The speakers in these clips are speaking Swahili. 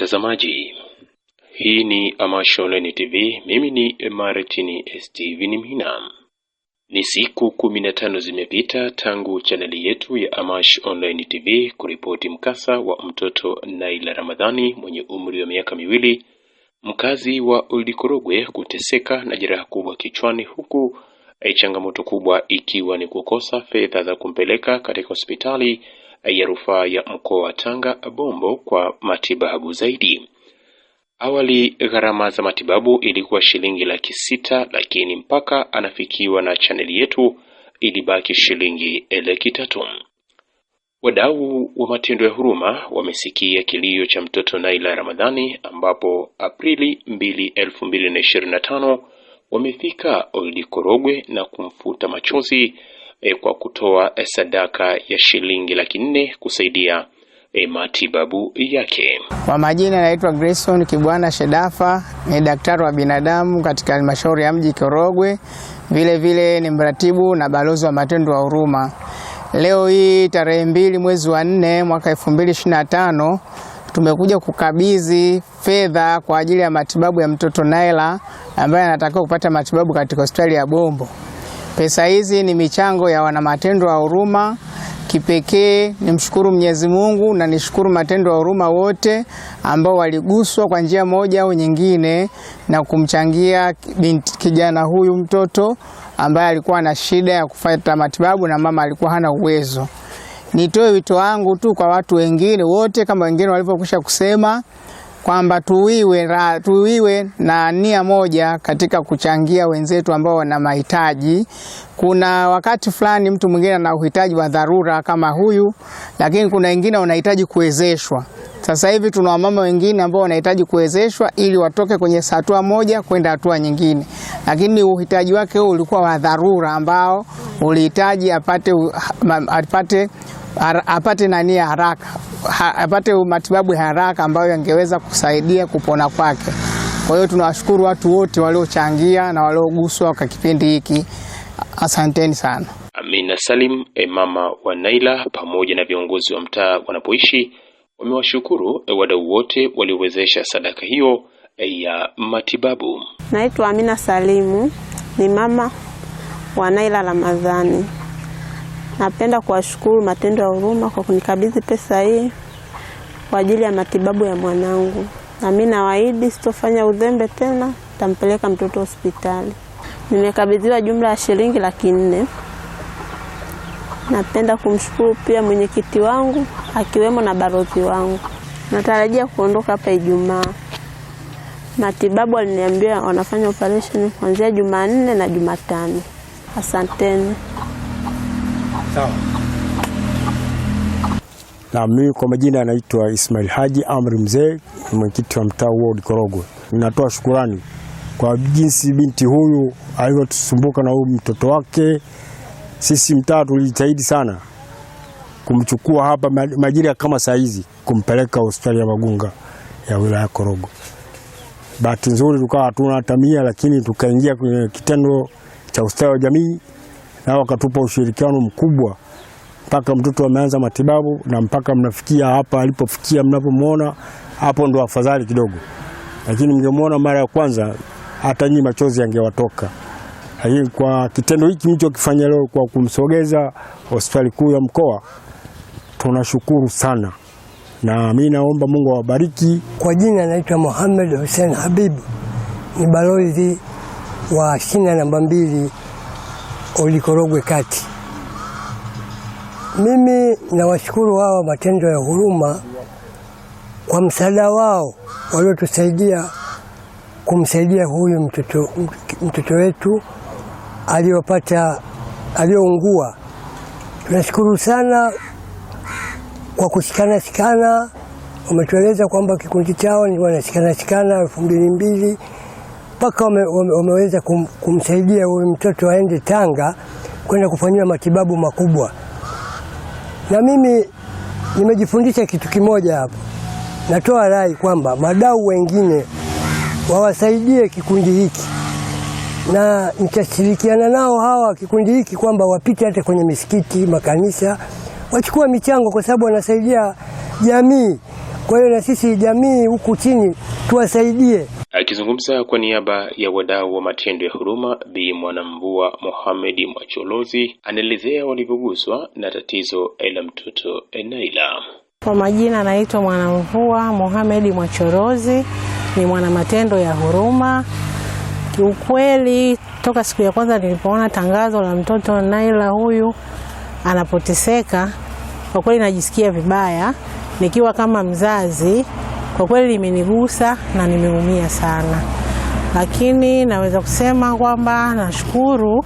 mtazamaji, hii ni Amasho Online TV. Mimi ni Martin Steven mina Ni siku kumi na tano zimepita tangu chaneli yetu ya Amash Online TV kuripoti mkasa wa mtoto Naila Ramadhani mwenye umri wa miaka miwili mkazi wa Ulikorogwe kuteseka na jeraha kubwa kichwani, huku eh, changamoto kubwa ikiwa ni kukosa fedha za kumpeleka katika hospitali ya rufaa ya mkoa wa Tanga Bombo kwa matibabu zaidi. Awali gharama za matibabu ilikuwa shilingi laki sita, lakini mpaka anafikiwa na chaneli yetu ilibaki shilingi laki tatu. Wadau wa matendo ya huruma wamesikia kilio cha mtoto Naila Ramadhani, ambapo Aprili 2, 2025 wamefika Oili Korogwe na kumfuta machozi e, kwa kutoa e, sadaka ya shilingi laki nne kusaidia e, matibabu yake. Kwa majina anaitwa Grayson Kibwana Shedafa, ni daktari wa binadamu katika halmashauri ya mji Korogwe, vile vile ni mratibu na balozi wa matendo ya huruma. Leo hii tarehe mbili mwezi wa nne mwaka elfu mbili tano tumekuja kukabidhi fedha kwa ajili ya matibabu ya mtoto Naila ambaye anatakiwa kupata matibabu katika hospitali ya Bombo. Pesa hizi ni michango ya wanamatendo wa huruma. Kipekee nimshukuru Mwenyezi Mungu na nishukuru matendo ya huruma wote ambao waliguswa kwa njia moja au nyingine na kumchangia binti kijana huyu mtoto ambaye alikuwa na shida ya kufata matibabu na mama alikuwa hana uwezo. Nitoe wito wangu tu kwa watu wengine wote kama wengine walivyokwisha kusema kwamba tuiwe na, na nia moja katika kuchangia wenzetu ambao wana mahitaji. Kuna wakati fulani mtu mwingine ana uhitaji wa dharura kama huyu, lakini kuna wengine wanahitaji kuwezeshwa. Sasa hivi tuna wamama wengine ambao wanahitaji kuwezeshwa ili watoke kwenye hatua moja kwenda hatua nyingine, lakini uhitaji wake ulikuwa wa dharura ambao ulihitaji apate, apate apate nani haraka ha, apate matibabu ya haraka ambayo yangeweza kusaidia kupona kwake. Kwa hiyo tunawashukuru watu wote waliochangia na walioguswa kwa kipindi hiki, asanteni sana. Amina Salim, eh, mama wa Naila, pamoja na viongozi wa mtaa wanapoishi wamewashukuru eh, wadau wote waliowezesha sadaka hiyo eh, ya matibabu. Naitwa Amina Salimu, ni mama wa Naila Ramadhani. Napenda kuwashukuru Matendo ya Huruma kwa kunikabidhi pesa hii kwa ajili ya matibabu ya mwanangu, na mimi nawaahidi sitofanya udhembe tena, nitampeleka mtoto hospitali. Nimekabidhiwa jumla ya shilingi laki nne. Napenda kumshukuru pia mwenyekiti wangu akiwemo na barozi wangu. Natarajia kuondoka hapa Ijumaa. Matibabu aliniambia wanafanya operation kuanzia Jumanne na Jumatano. Asanteni. Sawa. Na mimi kwa majina anaitwa Ismail Haji Amri Mzee, mwenyekiti wa mtaa ward Korogwe. Ninatoa shukurani kwa jinsi binti huyu alivyotusumbuka na huyu mtoto wake. Sisi mtaa tulijitahidi sana kumchukua hapa majira kama saa hizi kumpeleka hospitali ya Magunga ya wilaya Korogwe. Bahati nzuri tukawa hatuna hata mia, lakini tukaingia kwenye kitendo cha ustawi wa jamii na wakatupa ushirikiano mkubwa mpaka mtoto ameanza matibabu na mpaka mnafikia hapa alipofikia, mnapomwona hapo ndo afadhali kidogo, lakini mngemwona mara ya kwanza hata nyinyi machozi yangewatoka. Lakini kwa kitendo hiki mlichokifanya leo kwa kumsogeza hospitali kuu ya mkoa, tunashukuru sana na mi naomba Mungu awabariki. Kwa jina naitwa Mohamed Hussein Habibu, ni balozi wa shina namba mbili Ulikorogwe kati. Mimi nawashukuru hawa matendo ya huruma kwa msaada wao waliotusaidia kumsaidia huyu mtoto, mtoto wetu aliyopata aliyoungua. Tunashukuru sana kwa kushikana shikana, wametueleza kwamba kikundi chao ni wanashikana shikana elfu mbili mbili mpaka wameweza kum, kumsaidia huyu mtoto aende Tanga kwenda kufanyiwa matibabu makubwa. Na mimi nimejifundisha kitu kimoja hapo, natoa rai kwamba madau wengine wawasaidie kikundi hiki, na nitashirikiana nao hawa kikundi hiki kwamba wapite hata kwenye misikiti, makanisa, wachukua michango, kwa sababu wanasaidia jamii. Kwa hiyo na sisi jamii huku chini tuwasaidie. Akizungumza kwa niaba ya wadau wa matendo ya huruma, Bi Mwanamvua Mohamed Mwacholozi anaelezea walivyoguswa na tatizo la mtoto Enaila. Kwa majina anaitwa Mwanamvua Mohamed Mwacholozi, ni mwana matendo ya huruma. Kiukweli, toka siku ya kwanza nilipoona tangazo la mtoto Naila huyu anapoteseka, kwa kweli najisikia vibaya nikiwa kama mzazi kwa kweli limenigusa na nimeumia sana, lakini naweza kusema kwamba nashukuru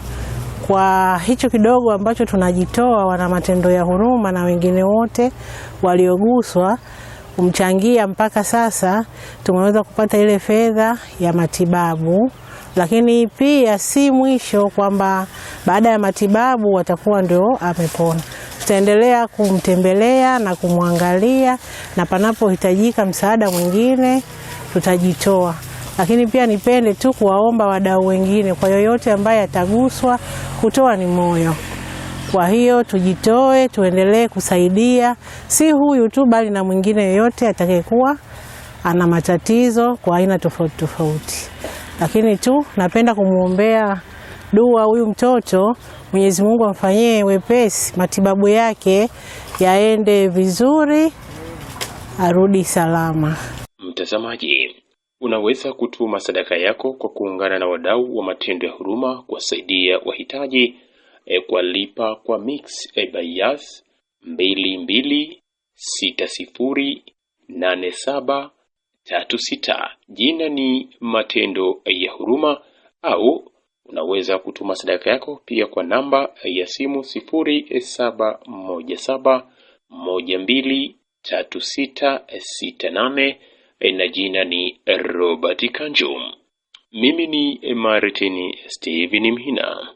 kwa hicho kidogo ambacho tunajitoa wana matendo ya huruma na wengine wote walioguswa kumchangia mpaka sasa tumeweza kupata ile fedha ya matibabu, lakini pia si mwisho kwamba baada ya matibabu watakuwa ndio amepona tutaendelea kumtembelea na kumwangalia, na panapohitajika msaada mwingine tutajitoa. Lakini pia nipende tu kuwaomba wadau wengine, kwa yoyote ambaye ataguswa, kutoa ni moyo. Kwa hiyo tujitoe, tuendelee kusaidia, si huyu tu, bali na mwingine yoyote atakayekuwa ana matatizo kwa aina tofauti tofauti. Lakini tu napenda kumwombea dua huyu mtoto Mwenyezi Mungu amfanyie wepesi, matibabu yake yaende vizuri, arudi salama. Mtazamaji, unaweza kutuma sadaka yako kwa kuungana na wadau wa matendo ya huruma kuwasaidia wahitaji e, kwa lipa kwa Mix e, eh, Bias mbili mbili sita sifuri nane saba tatu sita. Jina ni matendo ya huruma au Unaweza kutuma sadaka yako pia kwa namba ya simu sifuri saba moja saba moja mbili tatu sita sita nane e, na jina ni Robert Kanjum. Mimi ni Martin Steven Mhina.